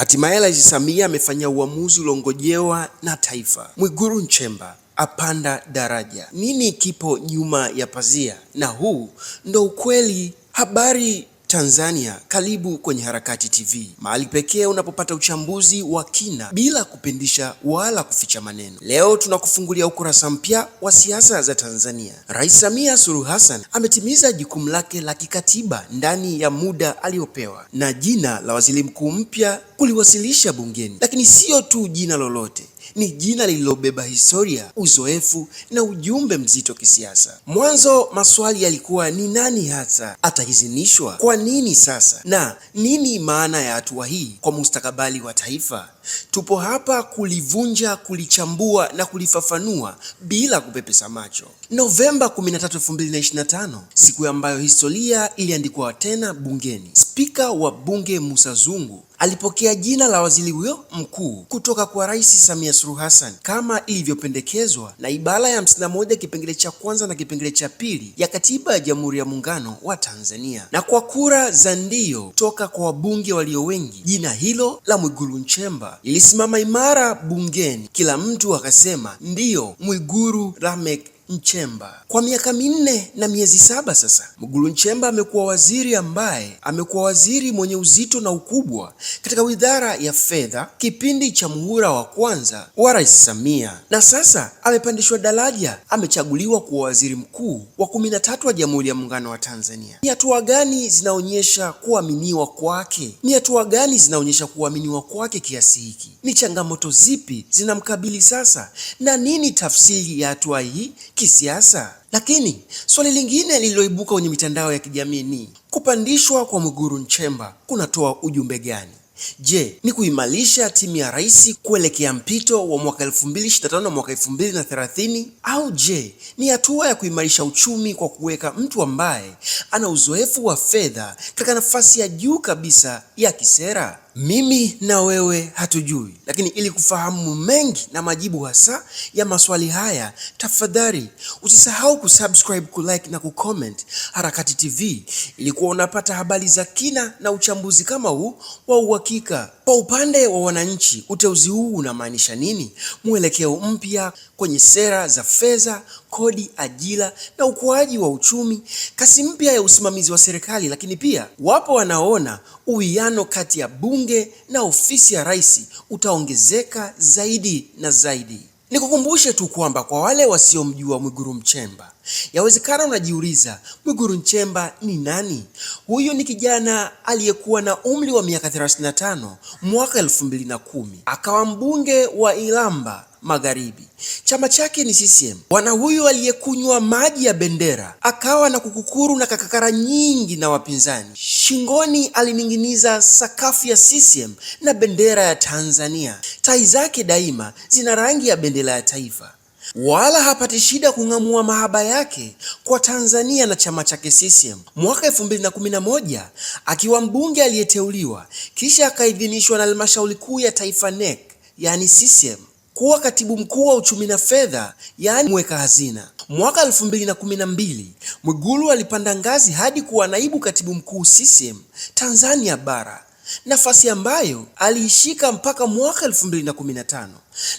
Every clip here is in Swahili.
Hatimaye Rais Samia amefanya uamuzi uliongojewa na taifa. Mwigulu Nchemba apanda daraja. Nini kipo nyuma ya pazia? Na huu ndo ukweli. Habari Tanzania, karibu kwenye Harakati TV, mahali pekee unapopata uchambuzi wa kina bila kupindisha wala kuficha maneno. Leo tunakufungulia ukurasa mpya wa siasa za Tanzania. Rais Samia Suluhu Hassan ametimiza jukumu lake la kikatiba ndani ya muda aliopewa, na jina la waziri mkuu mpya kuliwasilisha bungeni, lakini sio tu jina lolote ni jina lililobeba historia, uzoefu na ujumbe mzito kisiasa. Mwanzo maswali yalikuwa ni nani hasa atahizinishwa, kwa nini sasa, na nini maana ya hatua hii kwa mustakabali wa taifa? Tupo hapa kulivunja, kulichambua na kulifafanua bila kupepesa macho. Novemba 13, 2025, siku ambayo historia iliandikwa tena bungeni. Spika wa Bunge Musa Zungu alipokea jina la waziri huyo mkuu kutoka kwa Rais Samia Suluhu Hassan kama ilivyopendekezwa na ibara ya 51 kipengele cha kwanza na kipengele cha pili ya Katiba ya Jamhuri ya Muungano wa Tanzania, na kwa kura za ndio toka kwa wabunge walio wengi, jina hilo la Mwigulu Nchemba ilisimama imara bungeni, kila mtu akasema ndiyo mwiguru Lameck Nchemba. Kwa miaka minne na miezi saba sasa, Mwigulu Nchemba amekuwa waziri ambaye amekuwa waziri mwenye uzito na ukubwa katika Wizara ya Fedha kipindi cha muhula wa kwanza wa Rais Samia, na sasa amepandishwa daraja, amechaguliwa kuwa waziri mkuu wa kumi na tatu wa Jamhuri ya Muungano wa Tanzania. Ni hatua gani zinaonyesha kuaminiwa kwake? Ni hatua gani zinaonyesha kuaminiwa kwake kiasi hiki? Ni changamoto zipi zinamkabili sasa, na nini tafsiri ya hatua hii kisiasa. Lakini swali lingine lililoibuka kwenye mitandao ya kijamii ni kupandishwa kwa Mwigulu Nchemba kunatoa ujumbe gani? Je, ni kuimarisha timu ya rais kuelekea mpito wa mwaka 2025 na mwaka 2030, au je, ni hatua ya kuimarisha uchumi kwa kuweka mtu ambaye ana uzoefu wa fedha katika nafasi ya juu kabisa ya kisera? mimi na wewe hatujui, lakini ili kufahamu mengi na majibu hasa ya maswali haya, tafadhali usisahau kusubscribe, kulike na kucomment Harakati TV ili kuwa unapata habari za kina na uchambuzi kama huu wa uhakika. Kwa upande wa wananchi, uteuzi huu unamaanisha nini? Mwelekeo mpya kwenye sera za fedha kodi, ajira na ukuaji wa uchumi, kasi mpya ya usimamizi wa serikali. Lakini pia wapo wanaoona uwiano kati ya bunge na ofisi ya rais utaongezeka zaidi na zaidi. Nikukumbushe tu kwamba kwa wale wasiomjua Mwigulu Nchemba Yawezekana unajiuliza Mwigulu Nchemba ni nani? Huyu ni kijana aliyekuwa na umri wa miaka 35 mwaka 2010 akawa mbunge wa Iramba Magharibi, chama chake ni CCM. Bwana huyu aliyekunywa maji ya bendera akawa na kukukuru na kakakara nyingi na wapinzani, shingoni alining'iniza sakafu ya CCM na bendera ya Tanzania. Tai zake daima zina rangi ya bendera ya taifa wala hapati shida kung'amua mahaba yake kwa Tanzania na chama chake CCM. Mwaka 2011 akiwa mbunge aliyeteuliwa kisha akaidhinishwa na halmashauri kuu ya taifa NEC, yani CCM kuwa katibu mkuu wa uchumi na fedha, yani mweka hazina. Mwaka 2012 Mwigulu alipanda ngazi hadi kuwa naibu katibu mkuu CCM Tanzania Bara, nafasi ambayo aliishika mpaka mwaka 2015.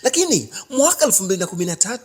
Lakini mwaka 2013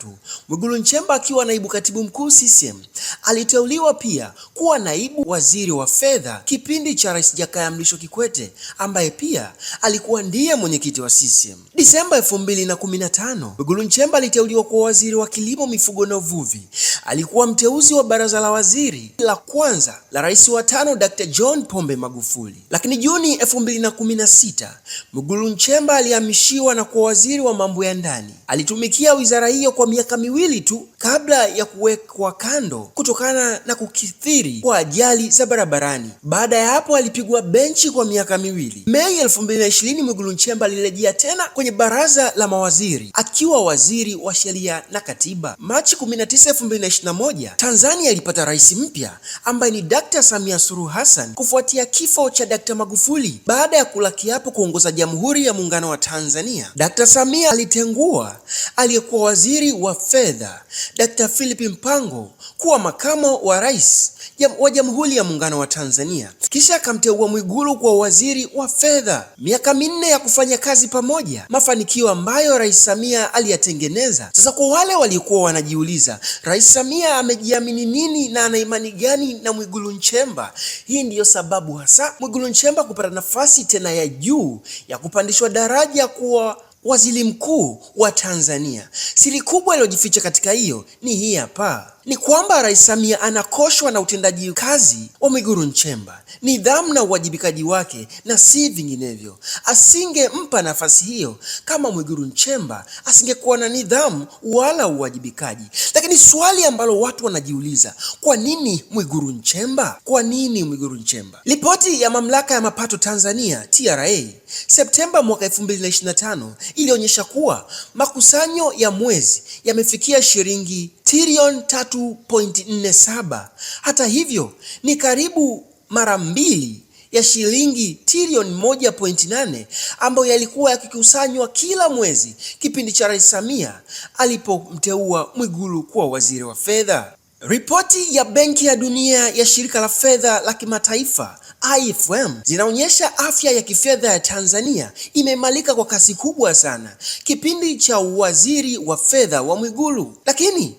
Mwigulu Nchemba akiwa naibu katibu mkuu CCM aliteuliwa pia kuwa naibu waziri wa fedha kipindi cha Rais Jakaya Mlisho Kikwete ambaye pia alikuwa ndiye mwenyekiti wa CCM. Disemba 2015 Mwigulu Nchemba aliteuliwa kuwa waziri wa kilimo, mifugo na uvuvi. Alikuwa mteuzi wa baraza la waziri la kwanza la rais wa tano Dr. John Pombe Magufuli. Lakini Juni 2016 Mwigulu Nchemba alihamishiwa na kuwa waziri wa mambo ya ndani. Alitumikia wizara hiyo kwa miaka miwili tu kabla ya kuwekwa kando kutokana na kukithiri kwa ajali za barabarani. Baada ya hapo, alipigwa benchi kwa miaka miwili. Mei 2020, Mwigulu Nchemba alirejea tena kwenye baraza la mawaziri akiwa waziri wa sheria na katiba. Machi 19, 2021, Tanzania ilipata rais mpya ambaye ni Dkt. Samia Suluhu Hassan kufuatia kifo cha Dkt. Magufuli baada ya kula kiapo kuongoza Jamhuri ya Muungano wa Tanzania. Dkt. Samia Tanzania alitengua aliyekuwa waziri wa fedha Dr. Philip Mpango kuwa makamo wa rais wa Jamhuri ya Muungano wa Tanzania, kisha akamteua Mwigulu kuwa waziri wa fedha. Miaka minne ya kufanya kazi pamoja, mafanikio ambayo Rais Samia aliyatengeneza. Sasa kwa wale waliokuwa wanajiuliza Rais Samia amejiamini nini na ana imani gani na Mwigulu Nchemba, hii ndiyo sababu hasa Mwigulu Nchemba kupata nafasi tena ya juu ya kupandishwa daraja kuwa Waziri Mkuu wa Tanzania. Siri kubwa iliyojificha katika hiyo ni hii hapa ni kwamba Rais Samia anakoshwa na utendaji kazi wa Mwigulu Nchemba, nidhamu na uwajibikaji wake na si vinginevyo. Asingempa nafasi hiyo kama Mwigulu Nchemba asingekuwa na nidhamu wala uwajibikaji. Lakini swali ambalo watu wanajiuliza, kwa nini Mwigulu Nchemba? Kwa nini Mwigulu Nchemba? Ripoti ya Mamlaka ya Mapato Tanzania TRA Septemba mwaka 2025 ilionyesha kuwa makusanyo ya mwezi yamefikia shilingi trilioni 3.47. Hata hivyo ni karibu mara mbili ya shilingi trilioni 1.8 ambayo yalikuwa yakikusanywa kila mwezi kipindi cha Rais Samia alipomteua Mwigulu kuwa waziri wa fedha. Ripoti ya Benki ya Dunia ya Shirika la Fedha la Kimataifa IFM zinaonyesha afya ya kifedha ya Tanzania imeimarika kwa kasi kubwa sana kipindi cha uwaziri wa fedha wa Mwigulu, lakini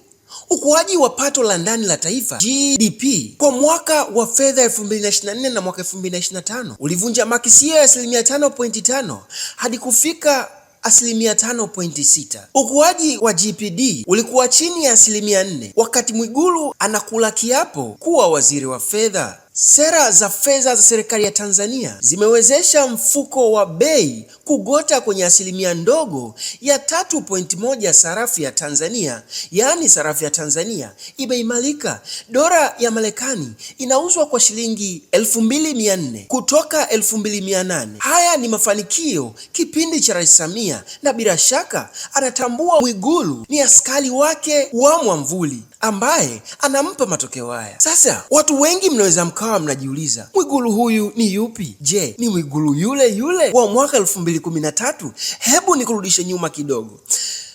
Ukuaji wa pato la ndani la taifa GDP kwa mwaka wa fedha 2024 na mwaka 2025 ulivunja makisio ya asilimia 5.5 hadi kufika asilimia 5.6. Ukuaji wa GPD ulikuwa chini ya asilimia 4, wakati Mwigulu anakula kiapo kuwa waziri wa fedha. Sera za fedha za serikali ya Tanzania zimewezesha mfuko wa bei kugota kwenye asilimia ndogo ya 3.1 sarafu ya Tanzania, yaani sarafu ya Tanzania imeimarika. Dola ya Marekani inauzwa kwa shilingi 2400 kutoka 2800. Haya ni mafanikio kipindi cha Rais Samia, na bila shaka anatambua Mwigulu ni askari wake wa mwamvuli ambaye anampa matokeo haya. Sasa watu wengi mnaweza mka mkawa mnajiuliza Mwigulu huyu ni yupi? Je, ni Mwigulu yule yule wa mwaka elfu mbili kumi na tatu? Hebu nikurudishe nyuma kidogo.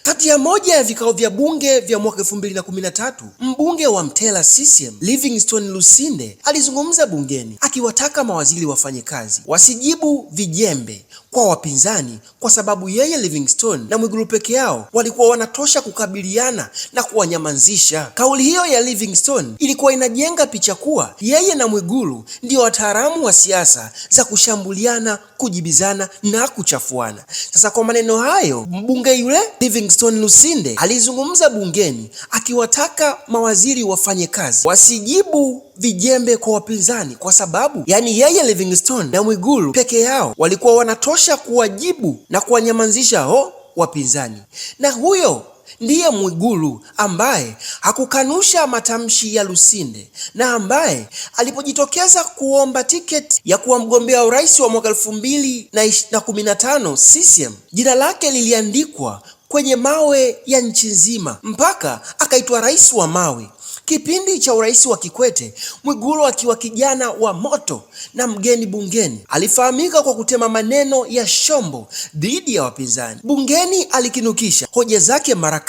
kati ya moja ya vikao vya bunge vya mwaka elfu mbili na kumi na tatu mbunge wa Mtela CCM Livingstone Lusinde alizungumza bungeni akiwataka mawaziri wafanye kazi, wasijibu vijembe, kwa wapinzani, kwa sababu yeye Livingstone na Mwigulu peke yao walikuwa wanatosha kukabiliana na kuwanyamazisha. Kauli hiyo ya Livingstone ilikuwa inajenga picha kuwa yeye na Mwigulu ndio wataalamu wa siasa za kushambuliana, kujibizana na kuchafuana. Sasa kwa maneno hayo, mbunge yule Livingstone Lusinde alizungumza bungeni akiwataka mawaziri wafanye kazi, wasijibu vijembe kwa wapinzani, kwa sababu yani yeye Livingstone na Mwigulu peke yao walikuwa wanatosha kuwajibu na kuwanyamazisha ho wapinzani, na huyo ndiye Mwigulu ambaye hakukanusha matamshi ya Lusinde na ambaye alipojitokeza kuomba tiketi ya kuwa mgombea urais wa mwaka elfu mbili na kumi na tano CCM, jina lake liliandikwa kwenye mawe ya nchi nzima mpaka akaitwa rais wa mawe. Kipindi cha urais wa Kikwete, Mwigulu akiwa kijana wa moto na mgeni bungeni, alifahamika kwa kutema maneno ya shombo dhidi ya wapinzani bungeni. Alikinukisha hoja zake mara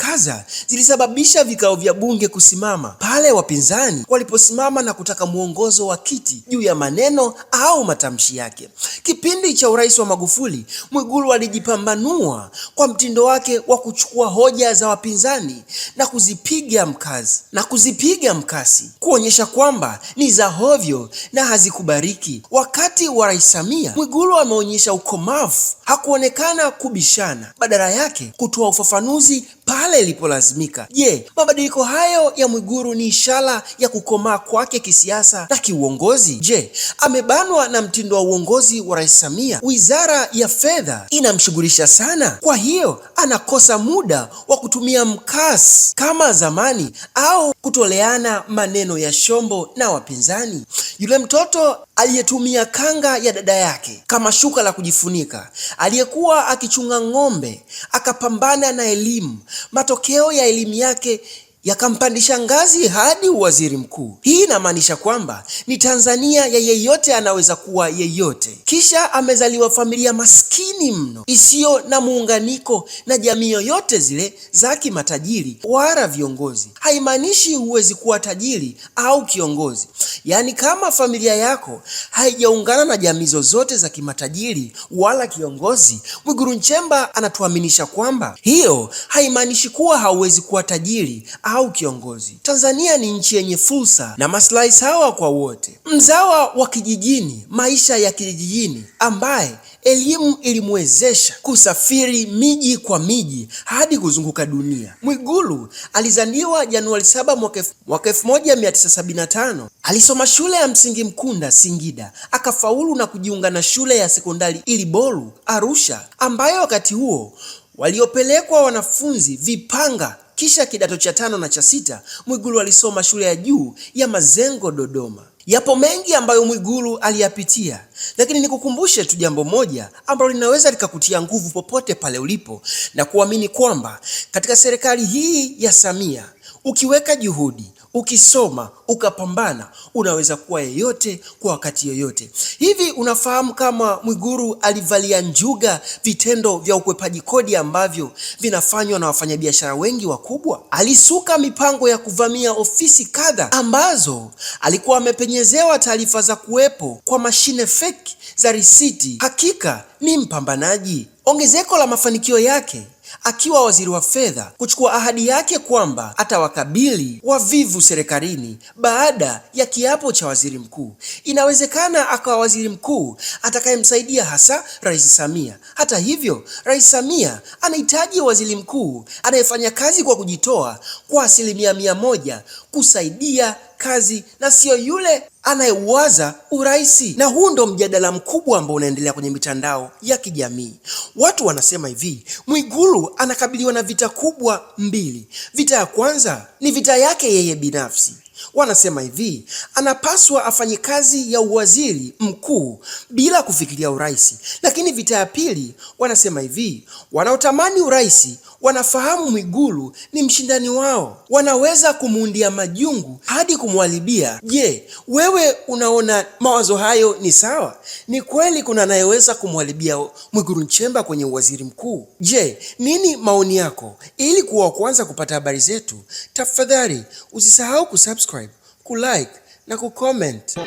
zilisababisha vikao vya bunge kusimama pale wapinzani waliposimama na kutaka mwongozo wa kiti juu ya maneno au matamshi yake. Kipindi cha urais wa Magufuli, Mwigulu alijipambanua kwa mtindo wake wa kuchukua hoja za wapinzani na kuzipiga mkazi na kuzipiga kupiga mkasi kuonyesha kwamba ni za hovyo na hazikubariki. Wakati wa Rais Samia, Mwigulu ameonyesha ukomavu, hakuonekana kubishana, badala yake kutoa ufafanuzi pale ilipolazimika. Je, mabadiliko hayo ya Mwigulu ni ishara ya kukomaa kwake kisiasa na kiuongozi? Je, amebanwa na mtindo wa uongozi wa Rais Samia? Wizara ya Fedha inamshughulisha sana, kwa hiyo anakosa muda wa kutumia mkasi kama zamani au kutoa kutoleana maneno ya shombo na wapinzani. Yule mtoto aliyetumia kanga ya dada yake kama shuka la kujifunika, aliyekuwa akichunga ng'ombe, akapambana na elimu, matokeo ya elimu yake yakampandisha ngazi hadi uwaziri mkuu. Hii inamaanisha kwamba ni Tanzania ya yeyote anaweza kuwa yeyote. Kisha amezaliwa familia maskini mno isiyo na muunganiko na jamii yoyote zile za kimatajiri wala viongozi. Haimaanishi huwezi kuwa tajiri au kiongozi. Yaani, kama familia yako haijaungana na jamii zozote za kimatajiri wala kiongozi, Mwigulu Nchemba anatuaminisha kwamba hiyo haimaanishi kuwa hauwezi kuwa tajiri au kiongozi. Tanzania ni nchi yenye fursa na maslahi sawa kwa wote. Mzawa wa kijijini, maisha ya kijijini ambaye Elimu ilimwezesha kusafiri miji kwa miji hadi kuzunguka dunia. Mwigulu alizaliwa Januari 7 mwaka 1975. Alisoma shule ya msingi Mkunda Singida, akafaulu na kujiunga na shule ya sekondari Iliboru Arusha, ambayo wakati huo waliopelekwa wanafunzi Vipanga. Kisha kidato cha tano na cha sita Mwigulu alisoma shule ya juu ya Mazengo Dodoma. Yapo mengi ambayo Mwigulu aliyapitia, lakini nikukumbushe tu jambo moja ambalo linaweza likakutia nguvu popote pale ulipo na kuamini kwamba katika serikali hii ya Samia ukiweka juhudi, ukisoma ukapambana, unaweza kuwa yeyote kwa wakati yoyote. Hivi unafahamu kama Mwiguru alivalia njuga vitendo vya ukwepaji kodi ambavyo vinafanywa na wafanyabiashara wengi wakubwa? Alisuka mipango ya kuvamia ofisi kadha ambazo alikuwa amepenyezewa taarifa za kuwepo kwa mashine feki za risiti. Hakika ni mpambanaji. Ongezeko la mafanikio yake akiwa waziri wa fedha kuchukua ahadi yake kwamba atawakabili wavivu serikalini baada ya kiapo cha waziri mkuu. Inawezekana akawa waziri mkuu atakayemsaidia hasa Rais Samia. Hata hivyo, Rais Samia anahitaji waziri mkuu anayefanya kazi kwa kujitoa kwa asilimia mia moja kusaidia kazi na siyo yule anayewaza urahisi. Na huu ndo mjadala mkubwa ambao unaendelea kwenye mitandao ya kijamii. Watu wanasema hivi, Mwigulu anakabiliwa na vita kubwa mbili. Vita ya kwanza ni vita yake yeye binafsi. Wanasema hivi, anapaswa afanye kazi ya uwaziri mkuu bila kufikiria urais. Lakini vita ya pili wanasema hivi, wanaotamani urais wanafahamu Mwigulu ni mshindani wao, wanaweza kumuundia majungu hadi kumwalibia. Je, wewe unaona mawazo hayo ni sawa? Ni kweli kuna anayeweza kumwalibia Mwigulu Nchemba kwenye uwaziri mkuu? Je, nini maoni yako? Ili kuwa wa kwanza kupata habari zetu, tafadhali usisahau kusubscribe, kulike na kucomment.